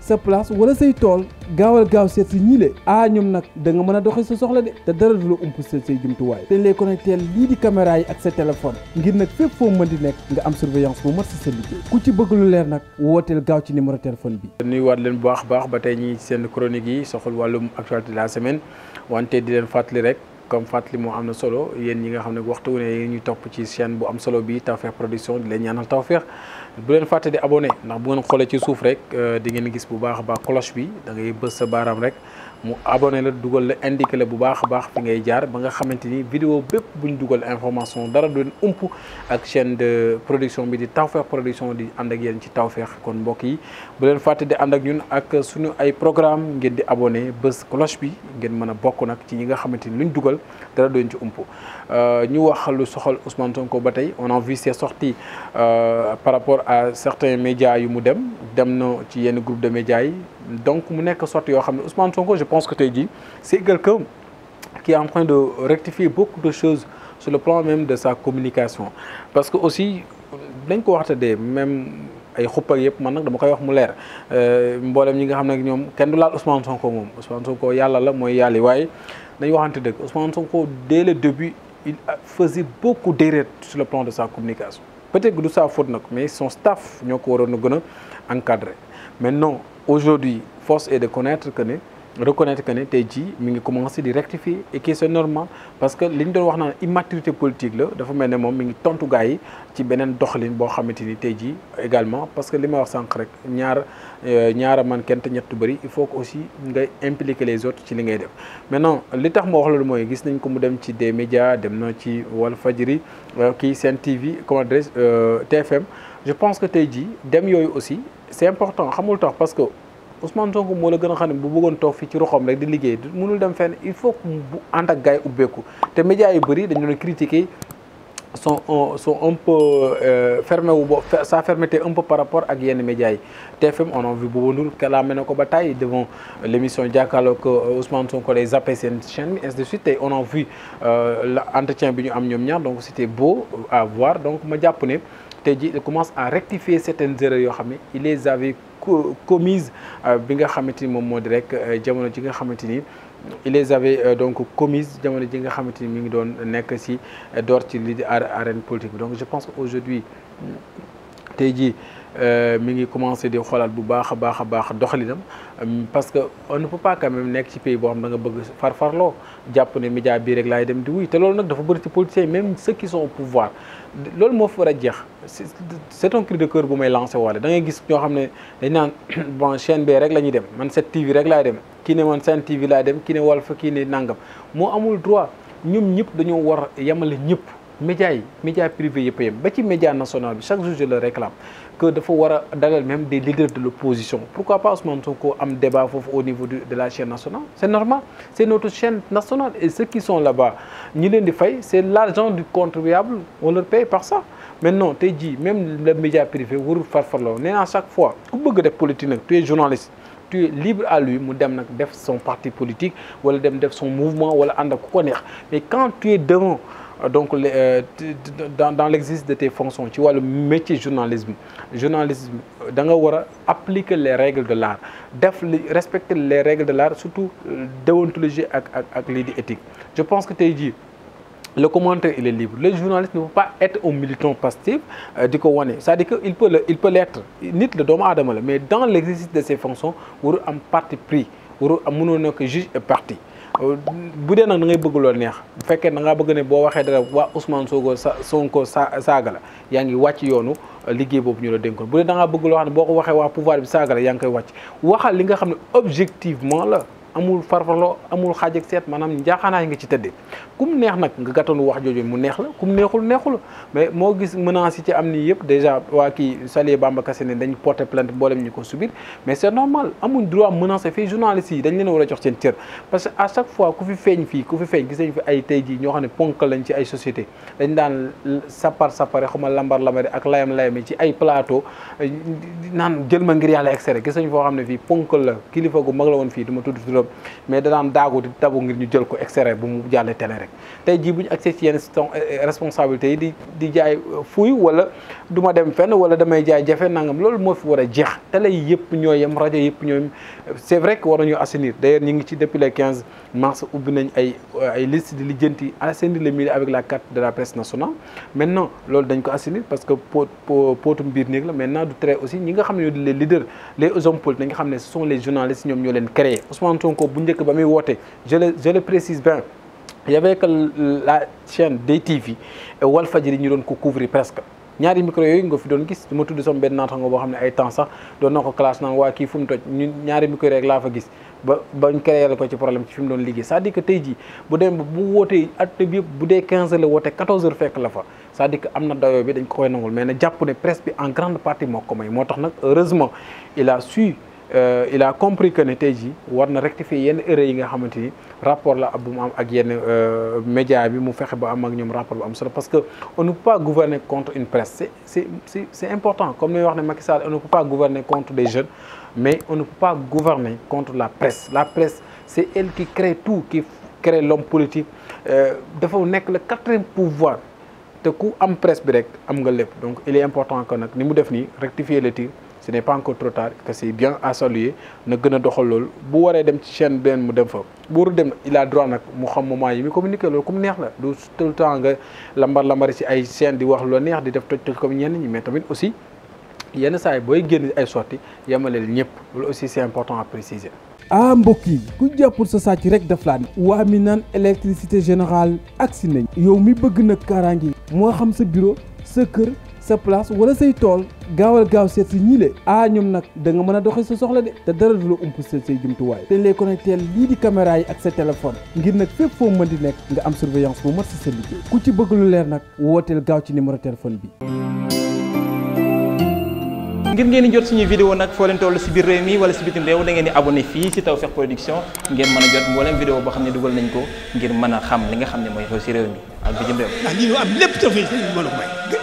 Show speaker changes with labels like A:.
A: sa place wala say tool gaawal gaaw seet si ñi le ah ñoom nag da nga mën a doxee sa soxla de te dara du la ump seet say jumtuwaay te ñu lay connecté lii di caméra yi ak sa téléphone ngir nag fépp foo mën di nekk nga am surveillance bu mat si sa liggéey ku ci bëgg lu leer nag wooteel gaaw ci numéro téléphone bi. nuyuwaat leen bu baax baax ba tey ñi seen chronique yi soxal wàllum actualité de la semaine wante di leen fàttali rek. comme fàttali moo am na solo yéen ñi nga xam ne waxtu wu ne yéen ñu topp ci chaîne bu am solo bi Tawfekh Production di leen ñaanal Tawfekh bu leen fàtte di abonné ndax bu ngeen xoolee ci suuf rek euh, di ngeen gis bu baax a baax cloche bi dangay bës sa baaraam rek mu abonné la dugal la indiqué bu baax a baax fi ngay jaar ba nga xamante ni vidéo bépp bu ñu dugal information dara du leen ump ak chaîne de production bi di Tawfekh production di ànd ak yéen ci Tawfekh kon mbokk yi bu leen fàtte di ànd ak ñun ak suñu ay programme ngeen di abonné bés cloche bi ngeen mën a bokk nag ci ñi nga xamante ni luñ dugal dara du leen ci ump euh, ñu wax lu soxal Ousmane Sonko ba tey on a vu ses sorties euh, par rapport à certains médias yu mu dem dem na ci yenn groupe de médias yi donc mu nekk sorte yoo xam ne Ousmane Sonko je pense que tey jii c'est quelqu'un qui est en train de rectifier beaucoup de choses sur le plan même de sa communication parce que aussi dañ ko waxtaanee même. ay xuppa yëpp man nag dama koy wax mu leer euh, mboolem ñi nga xam ne ñoom kenn du laal Ousmane Sonko moom Ousmane Sonko yàlla la mooy yàlla waaye nañu waxante dëgg Ousmane Sonko dès le début il faisait beaucoup d'erreurs su le plan de sa communication peut-être que du sa faute nag ñoo ko waroon a gën a encadrer aujourd'hui force est de connaître que ne reconnaître que ne tey jii mi ngi commencé di rectifier et que normal parce que li ñu doon wax naan immaturité politique la dafa mel ne moom mi ngi tontu gars yi ci beneen doxalin boo xamante ni tey jii également parce que li ma wax sànq rek ñaar euh, ñaara man kenn te ñett bëri il faut que aussi ngay impliquer les autres ci li ngay dem mais maintenant li tax ma wax loolu mooy gis nañ ko mu dem ci des média dem na ci Walfadjri euh, kii Sen TV comment euh, dirais TFM je pense que tey jii dem yooyu aussi. c'est important xamul tax parce que Ousmane Sonko moo la gën a xam ne bu bëggoon toog fii ci roxoom rek di liggéey mënul dem fenn il faut que bu ànd ak gars ubbeeku te médias yu bëri dañu doon critiquer sont sont un peu euh, fermé wu bo peu par rapport ak yenn média yi TFM on a vu Bouba Ndour kalaame ne ko ba tey devant l' émission jàkkaarloo ko Ousmane Sonko lay zappé seen chaîne ainsi de suite tey on a vu euh, bi ñu am ñoom ñaar donc c' était beau à donc ma jàpp ne. tey ji il commence à rectifier certaines erreurs yoo xam ne il les avait commise euh, bi nga xamante ni moom moo di rek euh, jamono ji nga xamante ni il les ave euh, donc commises jamono ji nga xamante ni mi ngi doon nekk si door ci lii di arène politique bi donc je pense que aujourd'hui tey jii euh, mi ngi commencé di xoolaat bu baax a baax a baax doxalinam euh, parce que on ne peut pas quand même nekk ci pays boo xam da nga bëgg farfarloo jàpp ne média bii rek laay dem di wuy te loolu nag dafa bëri ci politiciens même ceux pouvoir loolu moo fa a jeex c'est un de cœur bu may lancé waale da gis ñoo xam ne dañ naan bon chaîne bi rek la ñuy dem man 7TV rek laa dem kii ne man Sen TV laay dem kii ne Walf kii ne nangam moo amul droit ñoom ñëpp dañoo war a yemale ñëpp médias yi média privés yëpp yem ba ci média national bi chaque jour je le réclame que dafa war a dalal même des leaders de l'opposition pourquoi pas Ousmane Sonko am débat foofu au niveau de la chaîne nationale c'est normal c'est notre chaîne nationale et ceux qui sont là-bas ñi leen di fay c'est l'argent du contribuable wala leur paye par ça maintenant tey jii même le média privé warul farfarloo nee naa chaque fois ku bëgg def politique nag tu es journaliste tu es mu dem nag def son parti politique wala dem def son mouvement wala ànd ak ku donc euh, dans dans l'exercice de tes fonctions ci wàllu métier journalisme journalisme da nga war a appliquer les règles de l'art def li respecter les règles de l'art surtout euh, déontologie ak ak ak lii di éthique je pense que tey jii le commentaire il est libre le journaliste ne peut pas être un militant passif euh, di ko wane c'est-à-dire que il peut le il l'être nit la doomu aadama la mais dans l'exercice de ses fonctions warul am parti pris warul am mënoo nekk juge et parti bu dee nag da ngay bëgg loo neex bu fekkee da ngaa bëgg ne boo waxee dara waa Ousmane Sonko sa Sonko sa saaga la yaa ngi wàcc yoonu euh, liggéey boobu ñu la dénkoon bu dee da bëgg loo xam ne boo ko waxee waa pouvoir bi saaga la yaa ngi koy wàcc waxal li nga xam ne objectivement la amul farfarloo amul xaaj seet maanaam njaaxaanaay nga ci tëddee kum neex nag nga gàttanu wax jooju mu neex la kum neexul neexul mais moo gis menaces yi ci am nii yëpp déjà waa kii Salié Bamba Kassé ne dañ porté plainte mboolem ñu ko subir mais c'est normal amuñ droit menacé fii journalistes yi dañ leen war a jox seen cër parce que à chaque fois ku fi feeñ fii ku fi feeñ gis nañ fi ay tey jii ñoo xam ne ponk lañ ci ay société dañ daan sapar sapare xuma lambar lambari ak layam layam yi ci ay plateau naan jël ma ngir yàlla extrait gis xam ne fii ponk la kilifa gu mag la woon juróom mais danaan daagu di tabu ngir ñu jël ko extrait bu mu jàlle télé rek tey jii bu ñu accès ci yenn eh, eh, responsabilité yi di di jaay eh, fuuy wala du ma dem fenn wala damay jaay jafe nangam loolu moo fi war a jeex télé yi yëpp ñoo yem rajo yëpp ñoo yem c'est vrai que war nañu assainir d'ailleurs ñu ngi ci depuis le 15 mars ubbi nañ ay euh, ay liste di lijjanti assainir le milieu avec la carte de la presse nationale maintenant loolu dañ ko assainir parce que po pootum biir néeg nga xam ne ñoo di les xam ne ce sont les ñoo leen créé Sonko bu njëkk ba muy woote je le je le précise bien y avait que la chaîne DTV ñu doon ko couvrir presque. ñaari micro yooyu nga fi doon gis ma tudd sama benn naataango boo xam ne ay temps sax doon na ko classe naan waa kii fu toj ñun ñaari micro rek laa fa gis ba bañ créé la ko ci problème ci fi mu doon liggéey c'est-à-dire que tey jii bu dem ba bu wootee at bi yëpp bu dee 15 heures la woote 14 heures fekk la fa cest à am na dayoo bi dañ ko koy nangul mais na jàpp ne presse bi en moo ko may moo tax nag Euh, il a compris que ne tey jii war na rectifier yenn erreur yi nga xamante ni rapport la bu mu am ak yenn euh, média bi mu fexe ba am ak ñoom rapport bu am solo parce que on ne peut pas gouverner contre une presse c'est c'est c'est important comme ni wax ne Macky Sall on ne peut pas gouverner contre des jeunes mais on ne peut pas gouverner contre la presse la presse c'est elle qui crée tout qui crée l'homme politique euh, dafa nekk le quatrième pouvoir te ku am presse bi rek am nga lépp donc il important que nag ni mu def nii rectifier le tir ce n'est pas encore trop tard que c'est bien à saluer na gën a doxal loolu bu waree dem ci chaîne benn mu dem fa buuru dem il a droit nag mu xam moment yi mu communiqué loolu comme neex la du tout temps nga lambar lambari ci ay chaîne di wax lu neex di def toj toj comme ñenn ñi mais tamit aussi yenn saa yi booy génn ay sorti yemaleel ñëpp loolu aussi c'est important à préciser ah mbokk ku jàppul sa sàcc rek daf laa ne waa mi naan électricité générale agsi nañ sa sa place wala say tool gaawal gaaw seet si ñi le nag da nga mën a doxee sa soxla de te dara du la ump seet say jumtuwaay te ñu lay connecté lii di caméra yi ak sa téléphone ngir nag fépp foo mën di nekk nga am surveillance bu mat si sa liggéey ku ci bëgg lu leer nag wooteel gaaw ci numéro téléphone bi. ngir ngeen di jot suñu vidéo nag foo leen toll si biir réew mi wala si bitim réew da ngeen di abonné fii si Tawfekh Production ngeen mën a jot mboolem vidéo boo xam ne dugal nañ ko ngir mën a li nga xam ne mooy xew si réew